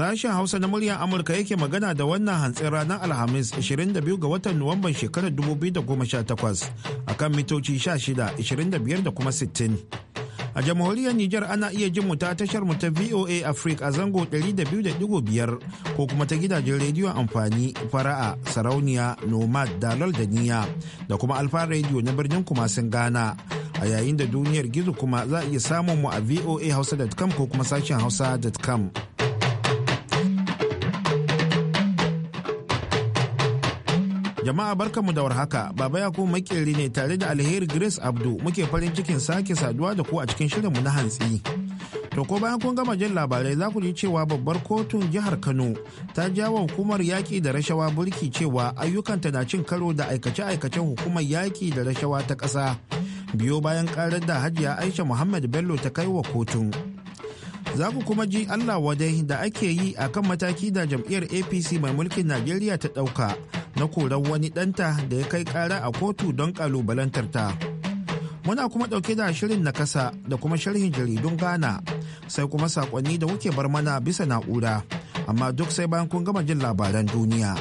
Sashen Hausa na muryar Amurka yake magana da wannan hantsin ranar Alhamis 22 ga watan Nuwamban shekarar 2018 kan mitoci 16, da kuma 60. A jamhuriyar Nijar ana iya jin mu ta tashar mu ta VOA Africa a zango 200.5 ko kuma ta gidajen rediyon amfani fara'a sarauniya nomad Dalal da niya da kuma alfa rediyo na birnin kumasin Ghana. a yayin da duniyar gizo kuma za a iya samun mu a hausa.com ko kuma sashen hausa.com Jama'a barkanmu da warhaka, Baba ku makeri ne tare da Alheri Grace Abdu muke farin cikin sake saduwa da ku a cikin shirin mu na hantsi. To ko bayan kun gama jin labarai za ku ji cewa babbar kotun jihar Kano ta jawo hukumar yaƙi da rashawa burki cewa ayyukanta na cin karo da aikace-aikacen hukumar yaki da rashawa ta ƙasa. Biyo bayan karar da Hajiya Aisha Muhammad Bello ta kai wa kotun. Za ku kuma ji Allah wadai da ake yi akan mataki da jam'iyyar APC mai mulkin Najeriya ta ɗauka na korar wani ɗanta da ya kai ƙara a kotu don ƙalubalantar ta. Muna kuma ɗauke da shirin na kasa da kuma sharhin jaridun Ghana sai kuma saƙonni da kuke bar mana bisa na'ura. Amma duk sai bayan kun gama jin labaran duniya.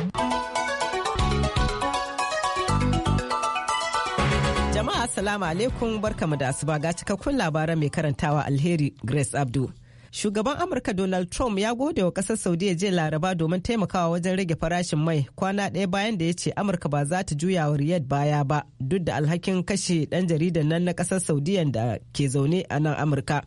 Jama'a salamu alaikum barkamu da asuba ga cikakkun labaran mai karantawa alheri Grace Abdu. Shugaban Amurka Donald Trump ya gode wa ƙasar Saudiya jiya Laraba domin taimakawa wajen rage farashin mai kwana ɗaya bayan da ya ce Amurka ba za ta juya wa Riyadh baya ba duk da alhakin kashe ɗan jaridan nan na ƙasar Saudiya da ke zaune a nan Amurka.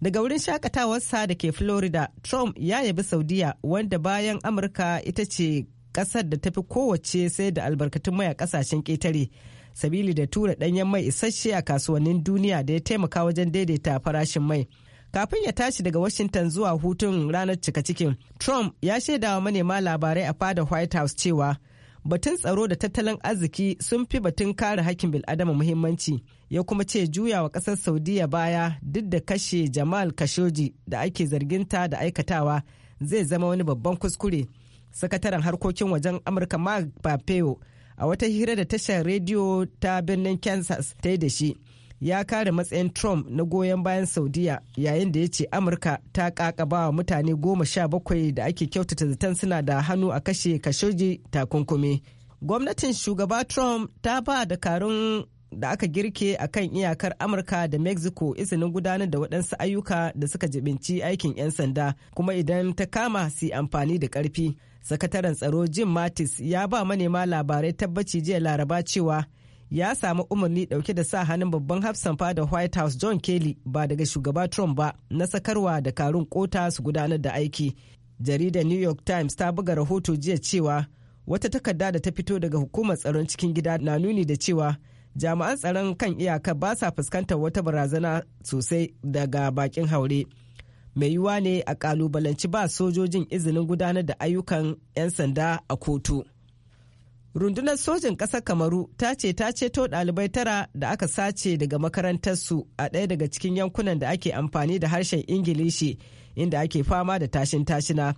Daga wurin shakatawarsa da ke Florida, Trump ya yabi Saudiya wanda bayan Amurka ita ce ƙasar da tafi kowace sai da albarkatun mai a ƙasashen ƙetare. Sabili da tura ɗanyen mai isasshe a kasuwannin duniya da ya taimaka wajen daidaita farashin mai. kafin ya tashi daga washington zuwa hutun ranar cika cikin trump ya shaida shaidawa manema labarai a fadar white house cewa batun tsaro da tattalin arziki sun fi batun kare hakkin bil'adama muhimmanci ya kuma ce juya wa kasar saudiya baya duk da kashe jamal kashoji da ake zarginta da aikatawa zai zama wani babban kuskure sakataren harkokin wajen amurka mark pompeo a wata hira da tashar rediyo ta birnin kansas ta yi da shi ya kare matsayin Trump na goyon bayan Saudiya yayin da ya ce Amurka ta kakaba mutane goma sha bakwai da ake kyautata zaton suna da hannu a kashe kashoji takunkumi. Gwamnatin shugaba Trump ta ba da karun da aka girke a kan iyakar Amurka da Mexico izinin gudanar da waɗansu ayyuka da suka jibinci aikin 'yan sanda kuma idan ta kama su amfani da ƙarfi. Sakataren tsaro Jim Mattis ya ba manema labarai tabbaci jiya laraba cewa ya samu umarni dauke da sa hannun babban hafsan fada white house john kelly ba daga shugaba trump ba na sakarwa da karun kota su gudanar da aiki jaridar new york times ta buga rahoto jiya cewa wata takarda da ta fito daga hukumar tsaron cikin gida na nuni da cewa jami'an tsaron kan iyaka ba sa fuskantar wata barazana sosai daga bakin haure mai yiwuwa ne a kalubalanci ba sojojin izinin gudanar da ayyukan 'yan sanda a kotu. rundunar sojin ƙasar kamaru ta ce ta ceto ɗalibai tara da aka sace daga makarantarsu a ɗaya daga cikin yankunan da ake amfani da harshen ingilishi inda ake fama da tashin tashina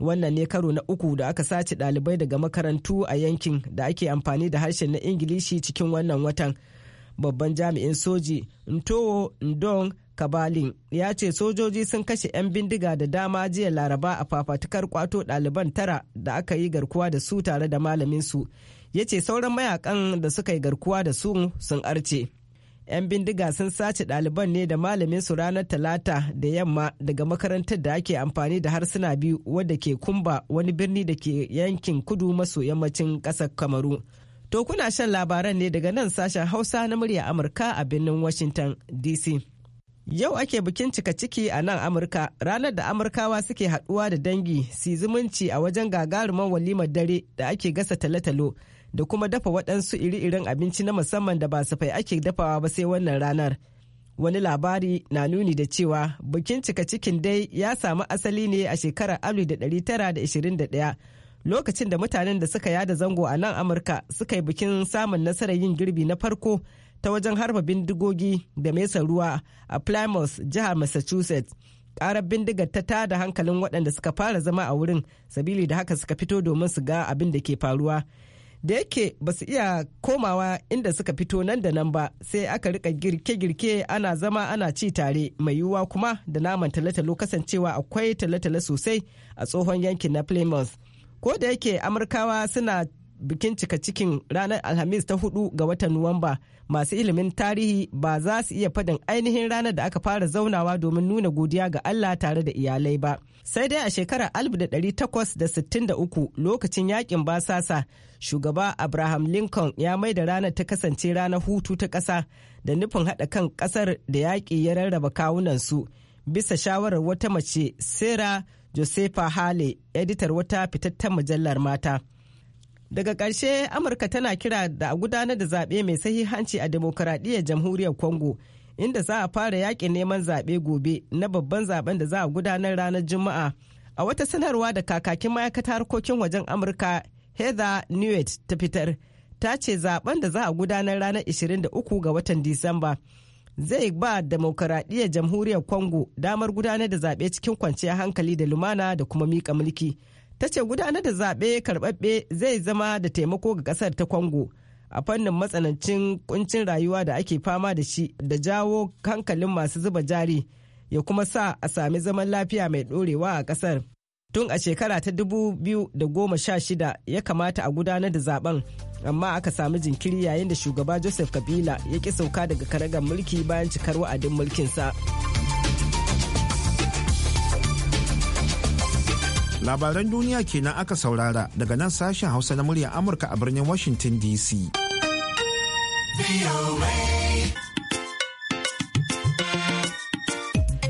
wannan ne karo na uku da aka sace ɗalibai daga makarantu a yankin da ake amfani da harshen na ingilishi cikin wannan watan babban jami'in soji ntowo ndong kabalin ya ce sojoji sun kashe 'yan bindiga da dama jiya laraba a fafatukar kwato ɗaliban tara da aka yi garkuwa da su tare da malaminsu ya ce sauran mayakan da suka yi garkuwa da su sun arce 'yan bindiga sun sace ɗaliban ne da malaminsu ranar talata da yamma daga makarantar da ake amfani da harsuna biyu wadda ke kumba wani birni da ke yankin kudu maso yammacin ƙasar kamaru to kuna shan labaran ne daga nan sashen hausa na murya amurka a birnin washington dc Yau ake bikin cika ciki a nan Amurka, ranar da Amurkawa suke haɗuwa da dangi su zumunci a wajen gagaruman walimar dare da ake gasa talotalo da kuma dafa waɗansu iri-irin abinci na musamman da ba su fai ake dafawa ba sai wannan ranar. Wani labari na nuni da cewa bikin cika cikin dai ya samu asali ne a shekarar ɗaya lokacin da mutanen da suka yada zango a nan Amurka suka yi bikin samun nasarar yin girbi na farko ta wajen harba bindigogi da mesa ruwa a plymouth jihar massachusetts karar bindigar ta da hankalin waɗanda suka fara zama a wurin sabili da haka suka fito domin su ga abin da ke faruwa da yake ba su iya komawa inda suka fito nan da nan ba sai aka rika girke-girke ana zama ana ci tare mai yiwuwa kuma da naman talotalo kasancewa akwai talotalo sosai a tsohon yankin na plymouth ko da yake amurkawa suna bikin cika cikin ranar alhamis ta hudu ga watan nuwamba masu ilimin tarihi ba za su iya faɗin ainihin ranar da aka fara zaunawa domin nuna godiya ga allah tare da iyalai ba sai dai a shekarar 1863 lokacin yakin basasa shugaba abraham lincoln ya mai da ranar ta kasance ranar hutu ta kasa da nufin haɗa kan kasar da yaƙi ya rarraba kawunansu bisa shawarar wata mace sarah josepha hale editar wata fitattar mujallar mata daga ƙarshe amurka tana kira da a gudanar da zaɓe mai sahihanci a demokuraɗiyyar jamhuriyar congo inda za a fara yakin neman zaɓe gobe na babban zaɓen da za a gudanar ranar juma'a a wata sanarwa da kakakin ma'aikatar harkokin wajen amurka heather newt ta fitar ta ce zaɓen da za a gudanar ranar 23 ga watan disamba zai ba demokuraɗiyyar jamhuriyar congo damar gudanar da zaɓe cikin kwanciyar hankali da lumana da kuma miƙa mulki. ta ce gudanar da zaɓe karɓaɓɓe zai zama da taimako ga ƙasar ta kwango a fannin matsanancin kuncin rayuwa da ake fama da shi da jawo hankalin masu zuba jari ya kuma sa a sami zaman lafiya mai ɗorewa a ƙasar. Tun a shekara ta dubu biyu da goma sha shida ya kamata a gudanar da zaben amma aka sami jinkiri yayin da shugaba Joseph Kabila ya ƙi sauka daga karagar mulki bayan cikar wa'adin mulkinsa. sa. labaran duniya kenan aka saurara daga nan sashen hausa na muryar amurka a birnin washington dc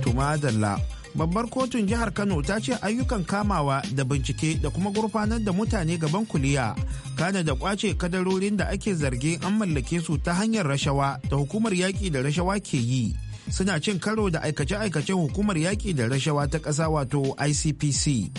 tumadalla babbar kotun jihar kano ta ce ayyukan kamawa da bincike da kuma gurfanar da mutane gaban kuliya kana da kwace kadarorin da ake zarge an mallake su ta hanyar rashawa da hukumar yaƙi da rashawa ke yi suna cin karo da aikace-aikacen hukumar yaƙi da rashawa ta ƙasa wato icpc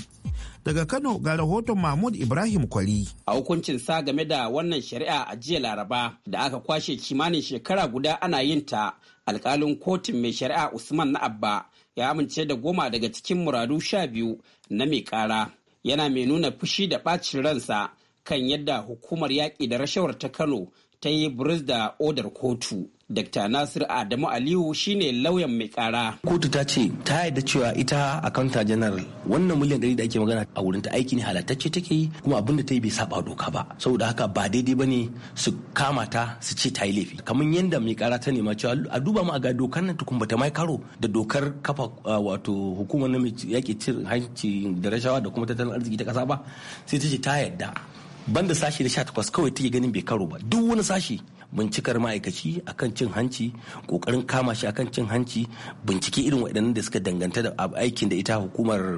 Daga Kano ga rahoton Mahmud Ibrahim Kwari. A hukuncin sa game da wannan shari'a a jiya Laraba da aka kwashe kimanin shekara guda ana yin ta alkalin kotun mai shari'a Usman na Abba ya amince da goma daga cikin muradu sha biyu na mai kara. Yana mai nuna fushi da ɓacin ransa kan yadda hukumar yaƙi da rashawar ta Kano ta yi da odar kotu. Dr. Nasir Adamu Aliyu shine lauyan mai kara. Kotu ta ce ta yarda cewa ita akanta general wannan miliyan ɗari da ake magana a wurin ta aiki ne halatacce take yi kuma abin da ta yi bai saba doka ba. Saboda haka ba daidai ba ne su kama ta su ce ta yi laifi. Kamar yadda mai kara ta nema cewa a duba ma a ga dokar nan tukun bata mai karo da dokar kafa ah, wato hukumar na yaƙi cin hanci da rashawa da kuma tattalin arziki ta ƙasa ba sai ta ce ta yarda. banda sashi na takwas kawai take ganin bai karo ba duk wani sashi bincikar ma'aikaci akan cin hanci kokarin kama shi akan cin hanci bincike irin waɗannan da suka danganta da aikin da ita hukumar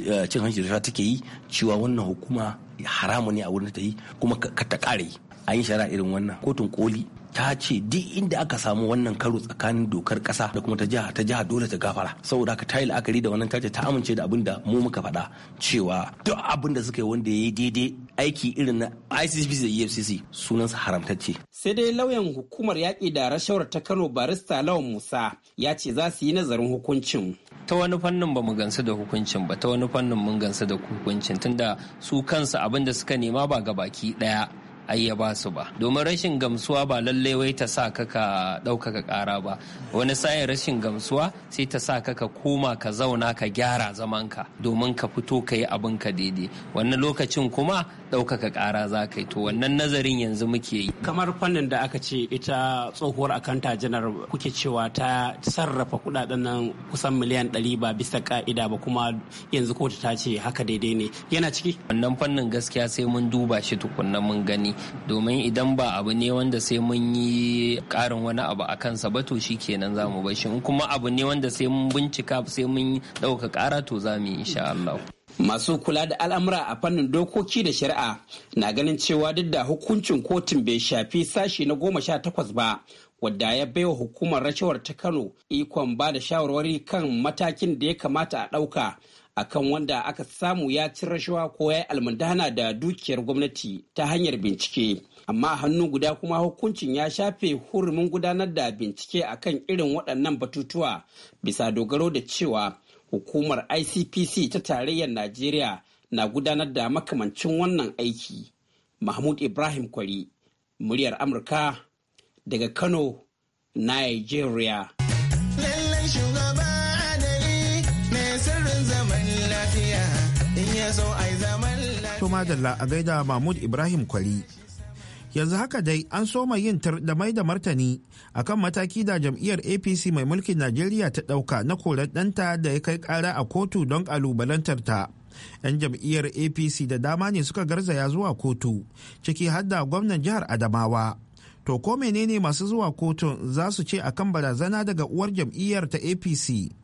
eh, cin hanci da take yi cewa wannan hukuma haramu ne a wurin ta yi kuma ka ta kare an yi shari'a irin wannan kotun koli ta ce duk inda aka samu wannan karo tsakanin dokar kasa da kuma ta jiha ta jiha dole ta gafara saboda ka tayi la'akari da wannan ta ta amince da abin da mu muka faɗa cewa duk abin da suka yi wanda ya yi daidai aiki irin na ICC da EFCC sunansa haramtacce. Sai dai lauyan hukumar yaƙi da rashawar ta Kano barista Lawan Musa ya ce za su yi nazarin hukuncin. Ta wani fannin ba mu gansu da hukuncin ba ta wani fannin mun gansu da hukuncin tunda su kansu abin da suka nema ba ga baki ɗaya ai ya ba su ba domin rashin gamsuwa ba lallai wai ta sa ka ka ɗaukaka kara ba wani sa'in rashin gamsuwa sai ta sa ka ka koma ka zauna ka gyara zamanka domin ka fito ka yi abin ka daidai wannan lokacin kuma ɗaukaka ƙara za ka yi to wannan nazarin yanzu muke yi. kamar fannin da aka ce ita tsohuwar akanta janar kuke cewa ta sarrafa kuɗaɗen nan kusan miliyan ɗari ba bisa ka'ida ba kuma yanzu kotu ta ce haka daidai ne yana ciki. wannan fannin gaskiya sai mun duba shi tukunna mun gani domin idan ba abu ne wanda sai mun yi ƙarin wani abu a kansa ba to shi kenan za mu bar shi kuma abu ne wanda sai mun bincika sai mun ɗauka ƙara to za mu yi insha Allah. masu kula da al'amura a fannin dokoki da shari'a na ganin cewa duk da hukuncin kotun bai shafi sashi na goma sha takwas ba wadda ya baiwa hukumar rashawar ta kano ikon ba da shawarwari kan matakin da ya kamata a ɗauka akan wanda aka samu ya ci rashawa ko ya yi almundana da dukiyar gwamnati ta hanyar bincike amma hannu guda kuma hukuncin ya shafe hurumin gudanar da bincike akan irin waɗannan batutuwa bisa dogaro da cewa hukumar icpc ta tarayyar najeriya na gudanar da makamancin wannan aiki mahmud ibrahim kwari muryar amurka daga kano nigeria lallai shugaba a gaida mahmud ibrahim kwari yanzu haka dai an soma yin da mai da martani akan mataki da jam'iyyar apc mai mulkin najeriya ta ɗauka na korar ɗanta da ya kai ƙara a kotu don ƙalubalantar 'yan jam'iyyar apc da dama ne suka garzaya zuwa kotu ciki har da gwamnan jihar adamawa to ko menene masu zuwa kotun za su ce akan barazana daga uwar jam'iyyar ta apc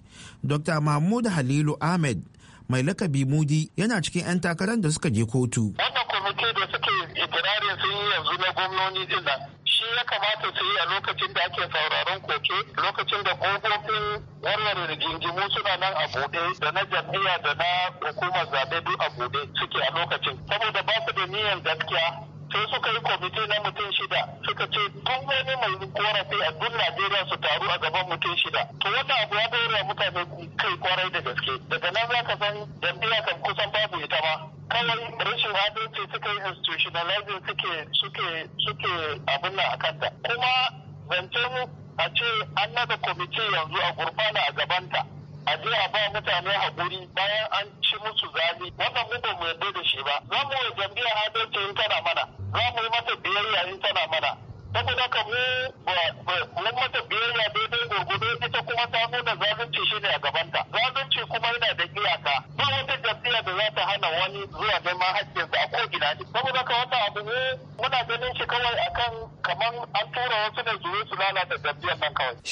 dr mahmud halilu ahmed mai lakabi mudi yana cikin 'yan takarar da suka je kotu wannan kwamiti da suke ikirarin sun yi yanzu na gwamnoni din nan shi ya kamata su yi a lokacin da ake sauraron koke lokacin da ƙofofin wannan rigingimu suna nan a buɗe da na jam'iyya da na hukumar zaɓe duk a buɗe suke a lokacin saboda ba su da niyyar gaskiya sai suka yi kwamiti na mutum shida suka ce duk wani mai korafi a duk najeriya su taru a gaban mutum shida to wannan abu ya bayar mutane kai kwarai da gaske daga nan za ka san jam'iyya kan kusan babu ita ma kawai rashin adalci suka yi institutionalizing suke suke suke abin nan a kanta kuma zancen a ce an naga kwamiti yanzu a gurfana a gabanta a je a ba mutane haƙuri bayan an ci musu zabi wannan mu ba mu yarda da shi ba za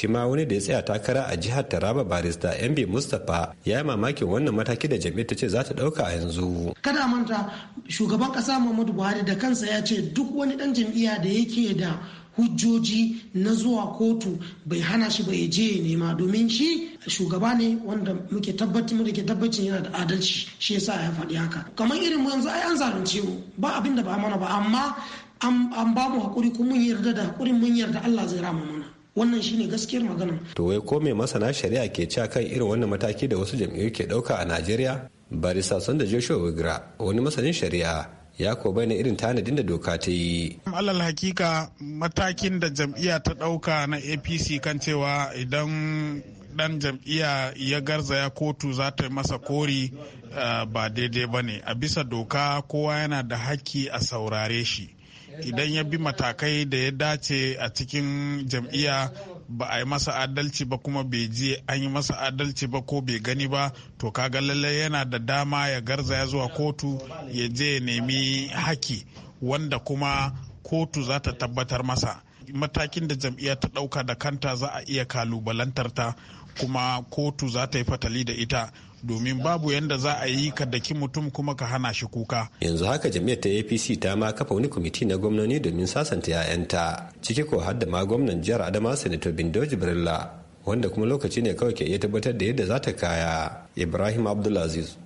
shi ma wani da ya tsaya takara a jihar taraba barista mb mustapha ya yi mamakin wannan mataki da jami'ar ta ce za ta ɗauka a yanzu kada manta shugaban ƙasa muhammadu buhari da kansa ya ce duk wani dan jam'iyya da yake da hujjoji na zuwa kotu bai hana shi bai je ya nema domin shi shugaba ne wanda muke tabbatin muke tabbacin yana da adalci shi yasa ya faɗi haka kamar irin mu yanzu ai an zalunce mu ba abin da ba mana ba amma an ba mu hakuri kuma mun yarda da hakuri mun yarda Allah zai rama mana wannan shine gaskiyar magana to wai ko me masana shari'a ke ci kan irin wannan mataki da wasu jam'iyyu ke dauka a Najeriya barista da Joshua Wigra wani masanin shari'a ya ko bayyana irin tanadin da doka ta yi. Alal hakika matakin da jam'iyya ta dauka na APC kan cewa idan dan jam'iyya ya garzaya kotu za ta yi masa kori eh, ba daidai ba ne a bisa doka kowa yana da haƙƙi a saurare shi idan ya bi matakai da ya dace a cikin jam'iyya ba a yi masa adalci ba kuma bai je an yi masa adalci ba ko bai gani ba to kaga lallai yana da dama ya garza ya zuwa kotu ya je ya nemi haki wanda kuma kotu za ta tabbatar masa matakin da jam'iyya ta ɗauka da kanta za a iya kalubalantar ta kuma kotu za ta yi fatali da ita domin babu yadda za a yi ka daki mutum kuma ka hana shi kuka. Yanzu haka jami'ar ta APC ta ma kafa wani kwamiti na gwamnoni domin sasanta 'ya'yanta ciki ko har da ma gwamnan jihar Adama Sanato Bindo Jibrilla wanda kuma lokaci ne kawai ke iya tabbatar da yadda za ta kaya. Ibrahim Abdulaziz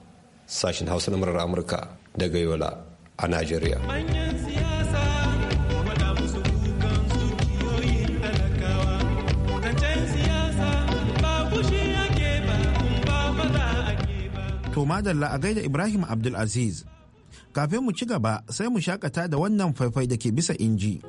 sashen Hausa na Amurka daga Yola a Najeriya. madalla a gaida Ibrahim Abdulaziz. Kafin mu ci gaba sai mu shakata da wannan faifai da ke bisa inji.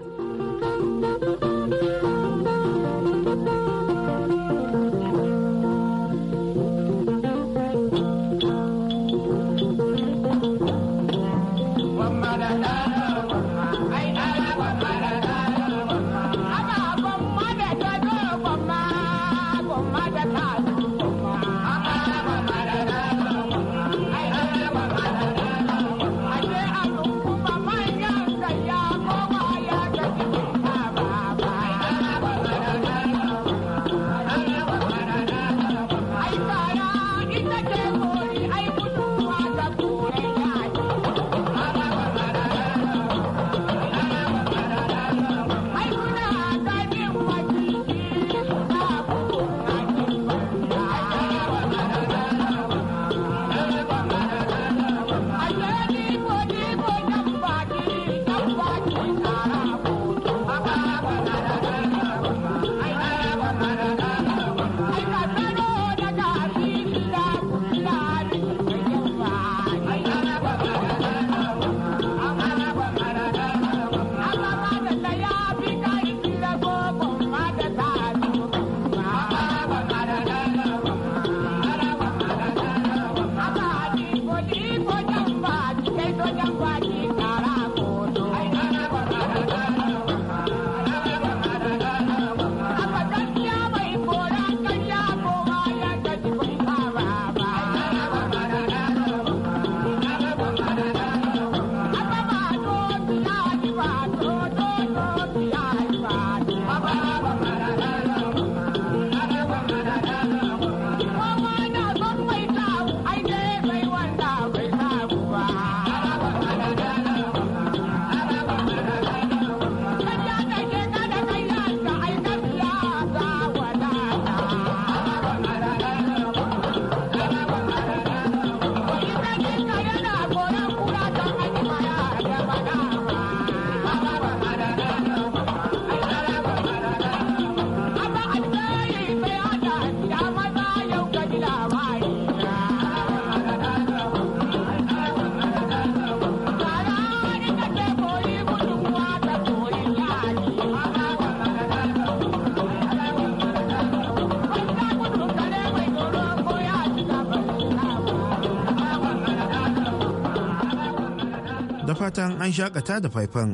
an shakata da faifan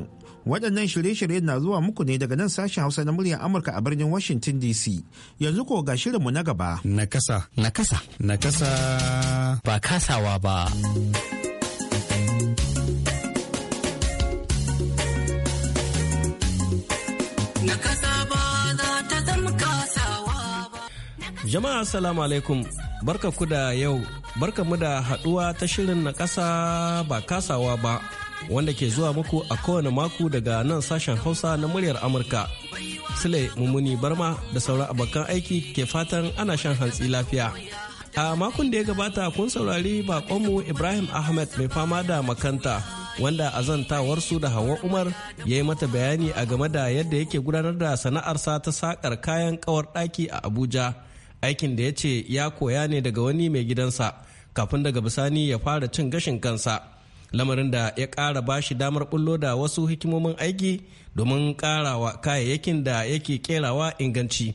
waɗannan shirye-shirye na zuwa muku ne daga nan sashen hausa na muryar amurka a birnin washington dc yanzu ko ga shirinmu na gaba nakasa nakasa nakasa ba kasawa ba jama'a salamu alaikum barka ku da yau barka mu da haɗuwa ta shirin na ƙasa ba kasawa ba wanda ke zuwa muku a kowane mako daga nan sashen Hausa na muryar Amurka. Sule Mummuni Barma da sauran abokan aiki ke fatan ana shan hantsi lafiya. A makon da ya gabata kun saurari bakonmu Ibrahim Ahmed mai fama da makanta wanda a zantawarsu da Hawa Umar ya yi mata bayani a game da yadda yake gudanar da sana'arsa ta sakar kayan kawar ɗaki a Abuja. Aikin da ya ce ya koya ne daga wani mai gidansa kafin daga bisani ya fara cin gashin kansa. lamarin da ya ƙara ba shi damar bullo da wasu hikimomin aiki domin ƙarawa kayayyakin da yake kerawa inganci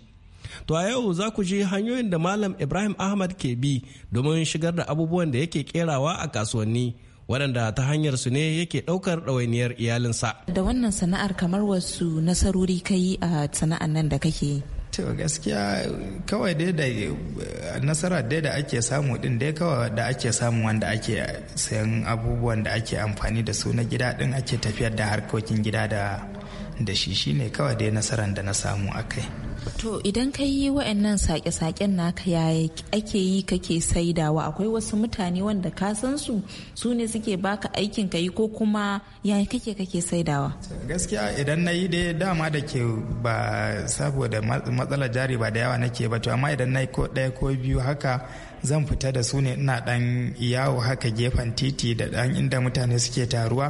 to a yau za ku ji hanyoyin da malam ibrahim ahmad ke bi domin shigar da abubuwan da yake kerawa a kasuwanni waɗanda ta hanyar su ne yake ɗaukar ɗawainiyar iyalinsa da wannan sana'ar kamar wasu nasarori kai a sana'ar nan da kake cewa gaskiya kawai dai da eh, nasara dai da ake samu din dai kawai da ake samu wanda ake sayan abubuwan da ake amfani da su na gida din ake tafiyar da harkokin gida da shi shine kawai dai nasaran da na samu akai. kai To idan ka yi wa'annan sake-saken naka ya ake yi kake saidawa akwai wasu mutane wanda ka san su su ne suke baka aikin ka yi ko kuma ya kake kake saidawa. Gaskiya idan na yi dai dama da ke ba saboda matsalar jari ba da yawa nake ba to amma idan na yi ko ɗaya ko biyu haka zan fita da su ne ina ɗan yawo haka gefen titi da ɗan inda mutane suke taruwa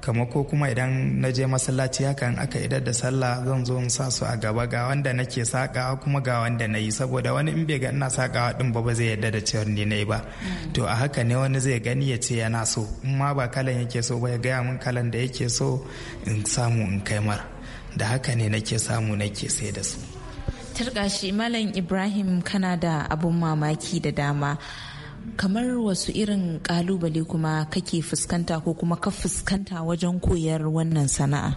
kamar ko kuma idan na je masallaci hakan aka idar da sallah zan zo in sa su a gaba ga wanda nake sakawa kuma ga wanda na yi saboda wani in bai ga ina sakawa din ba ba zai yarda da cewa ni nayi ba mm. to a haka ne wani zai gani ya ce yana so in ma ba kalan yake so ba ya gaya mun kalan da yake so in samu in kai mar da haka ne nake samu nake sai da su turka malam ibrahim kana da abun mamaki da dama kamar wasu irin kalubale kuma kake fuskanta ko kuma ka fuskanta wajen koyar wannan sana'a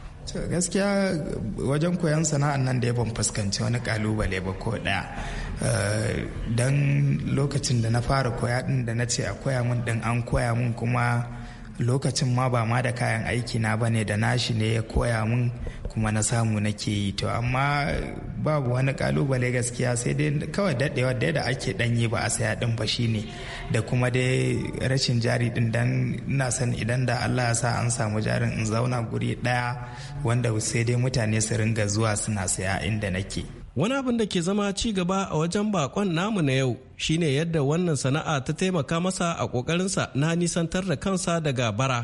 gaskiya wajen koyon sana'an nan da ya ban fuskanci wani kalubale ba ko daya eh, don lokacin da na fara koya din da na ce a koya min din an koya min kuma lokacin ma ba ma da kayan aiki na bane da nashi ne ya koya min. kuma na samu nake yi to amma babu wani kalubale gaskiya sai dai kawai daɗewa da da ake ɗanyi ba a saya ɗin ba shine da kuma dai rashin jari ɗin dan ina san idan da Allah ya sa an samu jarin in zauna guri ɗaya wanda sai dai mutane su ringa zuwa suna saya inda nake. Wani abin da ke zama ci gaba a wajen bakon namu na yau shine yadda wannan sana'a ta taimaka masa a ƙoƙarinsa na nisantar da kansa daga bara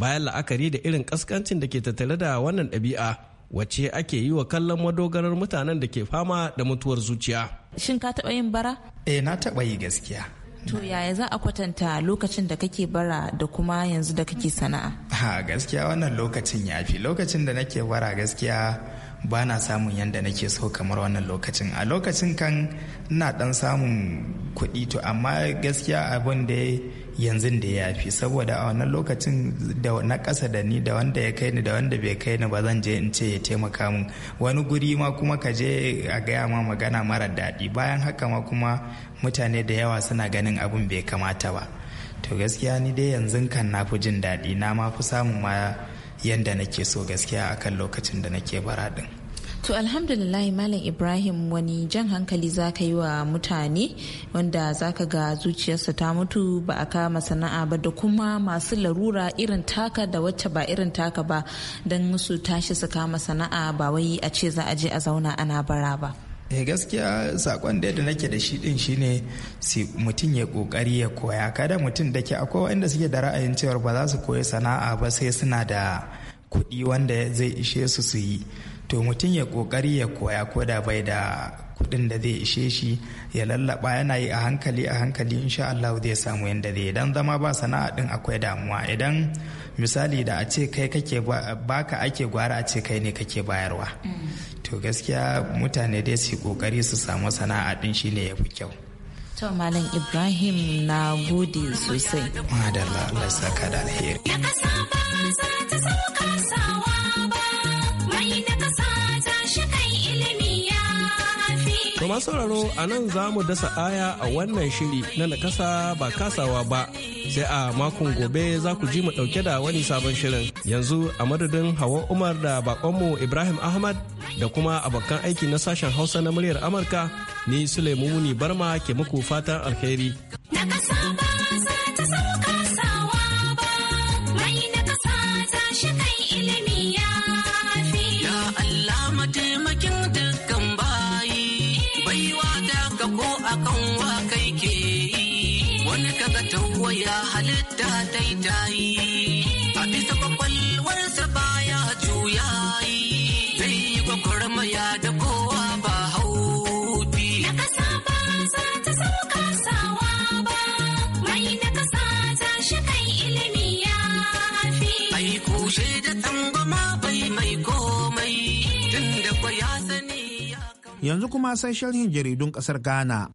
bayan la'akari da irin kaskancin da ke tattale da wannan ɗabi'a. wacce ake yi wa kallon madogarar mutanen da ke fama da mutuwar zuciya. Shin ka taɓa yin bara? Eh na taɓa yi gaskiya. To yaya za a kwatanta lokacin da kake bara da kuma yanzu da kake sana'a? Ha gaskiya wannan lokacin ya fi lokacin da nake bara gaskiya ba na samun yadda nake so kamar wannan lokacin a lokacin kan ina dan samun kuɗi to amma gaskiya abin da yanzu da ya fi saboda a wannan lokacin da na ƙasa da ni da wanda ya kai ni da wanda bai kai ni ba zan je in ce ya taimaka min wani guri ma kuma ka je a gaya ma magana mara daɗi bayan haka ma kuma mutane da yawa suna ganin abin bai kamata ba to gaskiya ni dai yanzu kan na fi jin daɗi na ma fi samun ma yanda nake so gaskiya akan lokacin da nake bara din. To alhamdulillah Malam Ibrahim wani jan hankali za ka yi wa mutane wanda za ka ga zuciyarsa ta mutu ba a kama sana'a ba da kuma masu larura irin taka da wacce ba irin taka ba don su tashi su kama sana'a ba wai a ce za a je a zauna ana bara ba. Eh gaskiya sakon da da nake da shi din shine mutum ya kokari ya koya kada mutum da ke akwai wanda suke da ra'ayin cewa ba za su koyi sana'a ba sai suna da kuɗi wanda zai ishe su su yi. to mutum ya kokari ya koya ko da bai da kuɗin da zai ishe shi ya lallaba yana yi a hankali a hankali insha Allah zai samu yanda zai idan zama ba sana'a din akwai damuwa idan misali da a ce kai kake baka ake gwara a ce kai ne kake bayarwa mm. to gaskiya mutane dai su kokari su samu sana'a din shine yafi kyau to malam Ibrahim na gode sosai madalla Allah saka da alheri masu sauraro a nan za mu dasa aya a wannan shiri na nakasa ba kasawa ba sai a makon gobe za ku ji mu dauke da wani sabon shirin yanzu a madadin hawa umar da bakonmu ibrahim ahmad da kuma abokan aiki na sashen hausa na muryar amurka ni suleimuni barma ke muku fatan alheri. yanzu kuma sai sharhin jaridun ƙasar ghana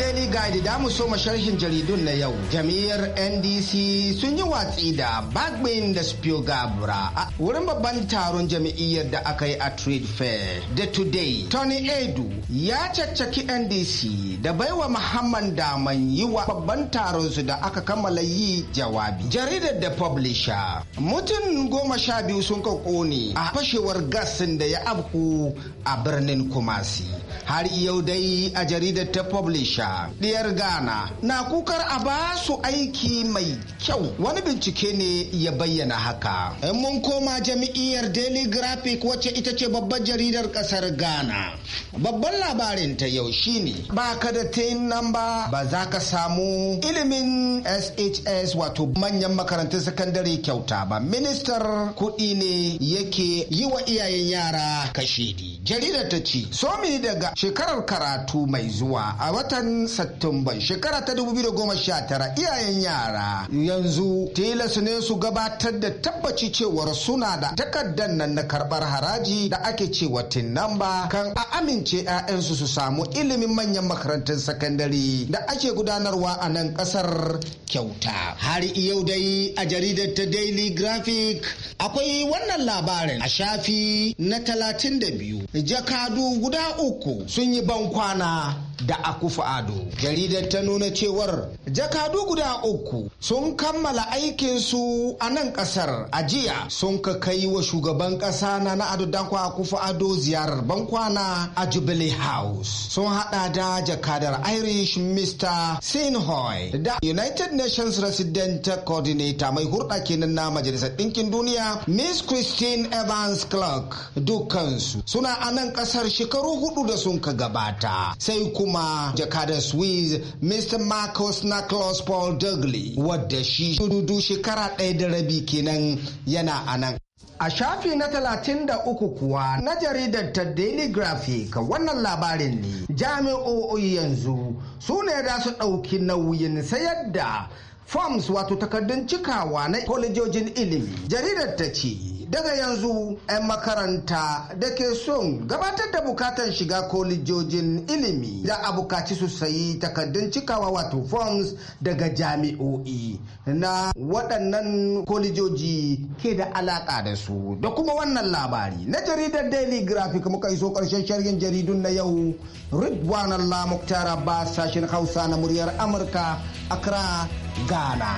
Daily Guide da mu so sharhin jaridun na yau. Jami'ar NDC sun yi watsi da Bagbin da Spiogabra a wurin babban taron jam'iyyar da aka yi a Trade Fair. Da Today, Tony Edu ya caccaki NDC da baiwa Muhammad Daman yi wa babban taron su da aka kammala yi jawabi. Jaridar da Publisher. Mutum goma sha biyu sun ka a fashewar gasin da ya abku a birnin Kumasi. har yau dai a jaridar ta publisher diyar ghana na kukar a ba su aiki mai kyau wani bincike ne ya bayyana haka in mun koma jami'iyar daily graphic wacce ita ce babbar jaridar kasar ghana babban labarin ta yau shine ba ka da tin nan ba za ka samu ilimin shs wato manyan makarantun sakandare kyauta ba ministar kuɗi ne yake yi wa iyayen yara kashedi jaridar ta ce somi daga shekarar karatu mai zuwa a watan Satumban shekara ta 2019 iyayen yara yanzu tilasu ne su gabatar da tabbaci cewar suna da takardar nan na karbar haraji da ake cewa tin namba kan a amince 'ya'yansu su samu ilimin manyan makarantar sakandare da ake gudanarwa a nan kasar kyauta har yau dai a jaridar ta daily graphic akwai wannan labarin a shafi na 32 jakadu guda uku sun yi bankwana da akufa ado jaridar ta nuna cewar jakadu guda uku sun kammala aikinsu a nan kasar a jiya sun ka kai wa shugaban kasa na na ado dankwa akufa ado ziyarar bankwana a jubilee house sun hada da jakadar irish mr sinhoy da united nations resident coordinator mai hurda kenan na majalisar ɗinkin duniya miss christine evans clark dukkansu suna a nan kasar shekaru hudu da sun ka gabata sai kuma koma jakadan swiss mr marcus na claus paul dugley wadda shi dudu shekara ɗaya da rabi kenan yana a nan. A shafi na 33 kuwa na jaridar ta Daily Graphic wannan labarin ne jami'o'i yanzu su ne za su ɗauki nauyin sayar da forms wato takardun cikawa na kolejojin ilimi jaridar ta ce daga yanzu 'yan makaranta da ke son gabatar da bukatar shiga kolijojin ilimi da a bukaci su sayi takardun cikawa wato forms daga jami'o'i na waɗannan kolijoji ke da alaƙa da su da kuma wannan labari na jaridar daily graphic muka iso ƙarshen sharhin jaridun na yau ridwan allah muktar sashen hausa na muryar amurka accra Ghana.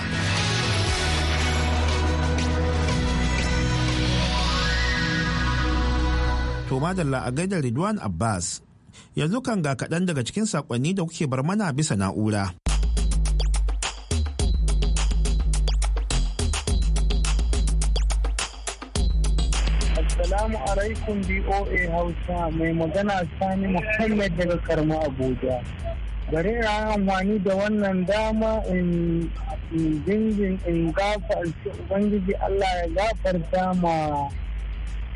To madalla a gaidar Ridwan Abbas. Yanzu kan ga kaɗan daga cikin saƙonni da kuke bar mana bisa na'ura. Assalamu alaikum BOA Hausa mai magana Sani Muhammad daga Karma Abuja. bari a amfani da wannan dama in jingin in gafarci ubangiji allah ya gafarta ma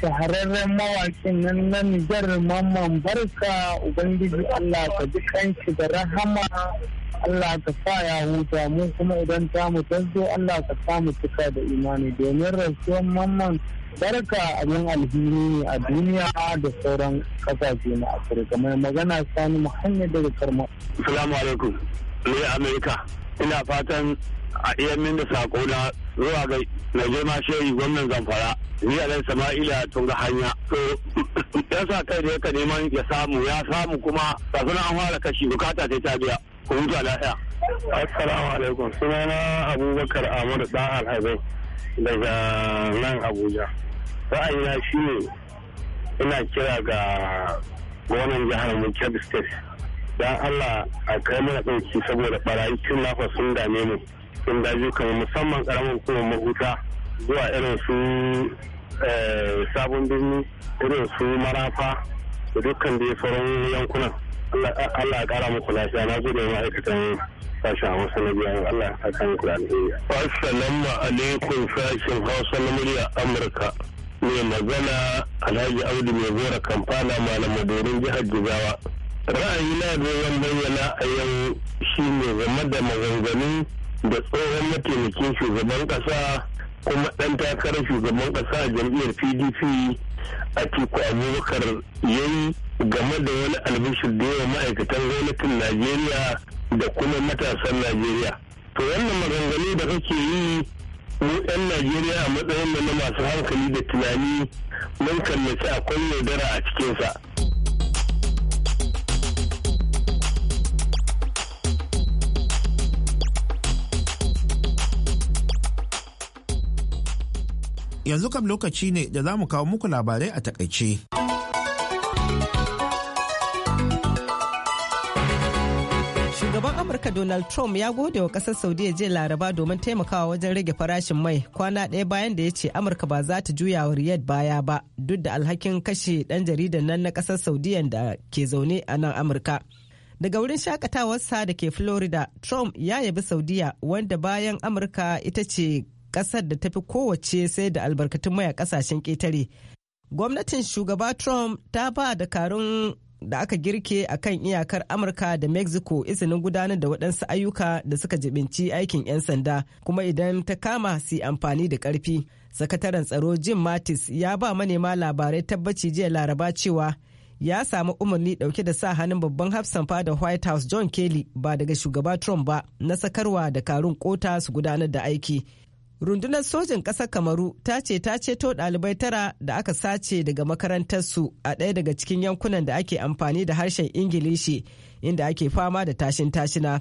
shahararren mawakin nan na nijar mamman barka ubangiji allah ka ji kanci da rahama allah ka sa ya huta mu kuma idan ta mu zo allah ka sa mu cika da imani domin rasuwan mamman barka abin alhini a duniya da sauran kasashe na afirka mai magana sani muhammad daga karma assalamu alaikum ne amerika ina fatan a iya min da sako na zuwa ga mai girma shehi gwamnan zamfara ni alai sama'ila tun ga hanya to ya sa kai da yaka neman ya samu ya samu kuma kafin an fara kashi bukata sai ta biya ku huta lafiya assalamu alaikum sunana abubakar ahmadu dan alhazai daga nan abuja ra'ayina shi ne ina kira ga gwamnan jihar mu kebbi state don allah a kai mana ɗauki saboda barayi cin nafa sun dame mu sun daji kamar musamman karamin kuma mahuta zuwa irin su eh, sabon birni irin su marafa da dukkan da sauran yankunan allah ya kara muku lafiya na gode ma'aikatan sashen hausa na biyan Allah ta kan ku alheri. Assalamu alaikum sashen hausa na murya Amurka. Mai magana Alhaji Audu mai gora kampala malam Madorin jihar Jigawa. ra'ayi da zan bayyana a yau shi ne game da maganganu da tsohon mataimakin shugaban ƙasa kuma ɗan takarar shugaban ƙasa a jam'iyyar PDP a tiku abubakar yayi game da wani albishir da yawa ma'aikatan gwamnatin najeriya da kuma matasan najeriya to wannan maganganu da kake yi mu 'yan najeriya a matsayin na masu hankali da tunani mun kallaci akwai yaudara a cikinsa yanzu kam lokaci ne da za mu kawo muku labarai a takaice. Shugaban Amurka Donald Trump ya gode wa ƙasar Saudiya jiya Laraba domin taimakawa wajen rage farashin mai kwana ɗaya bayan da ya ce Amurka ba za ta juya wa riyad baya ba duk da alhakin kashe ɗan jaridan nan na kasar Saudiya da ke zaune a nan Amurka. Daga wurin shakatawarsa da ke Florida, Trump ya yabi Saudiya wanda bayan Amurka ita ce kasar da tafi kowace sai da albarkatun mai a kasashen ƙetare. Gwamnatin shugaba Trump ta ba da karun da aka girke a kan iyakar amurka da mexico izinin gudanar da waɗansu ayyuka da suka jibinci aikin 'yan sanda kuma idan ta kama su amfani da ƙarfi sakataren tsaro jim mattis ya ba manema labarai tabbaci jiya laraba cewa ya samu umarni ɗauke da sa hannun babban hafsan fada white house john kelly ba daga shugaba trump ba na sakarwa da karun kota su gudanar da aiki rundunar sojin ƙasar kamaru ta ce ta ceto ɗalibai tara da aka sace daga makarantarsu a ɗaya daga cikin yankunan da ake amfani da harshen ingilishi inda ake fama da tashin tashina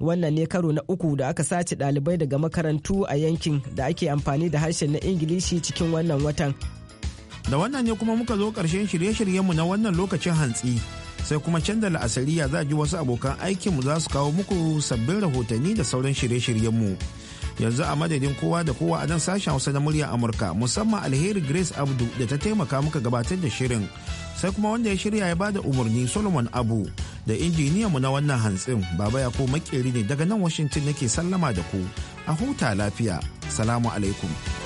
wannan ne karo na uku da aka sace ɗalibai daga makarantu a yankin da ake amfani da harshen na ingilishi cikin wannan watan da wannan ne kuma muka zo karshen shirye-shiryenmu na wannan lokacin hantsi sai kuma canza la'asariya za ji wasu abokan aikinmu za su kawo muku sabbin rahotanni da sauran shirye-shiryenmu. mu yanzu a madadin kowa da kowa a nan sashen hausa na murya amurka musamman alheri grace abdu da ta taimaka muka gabatar da shirin sai kuma wanda ya shirya ya bada umarni solomon abu da injiniya mu na wannan hantsin baba ya ko makeri ne daga nan washington nake sallama da ku a huta lafiya salamu alaikum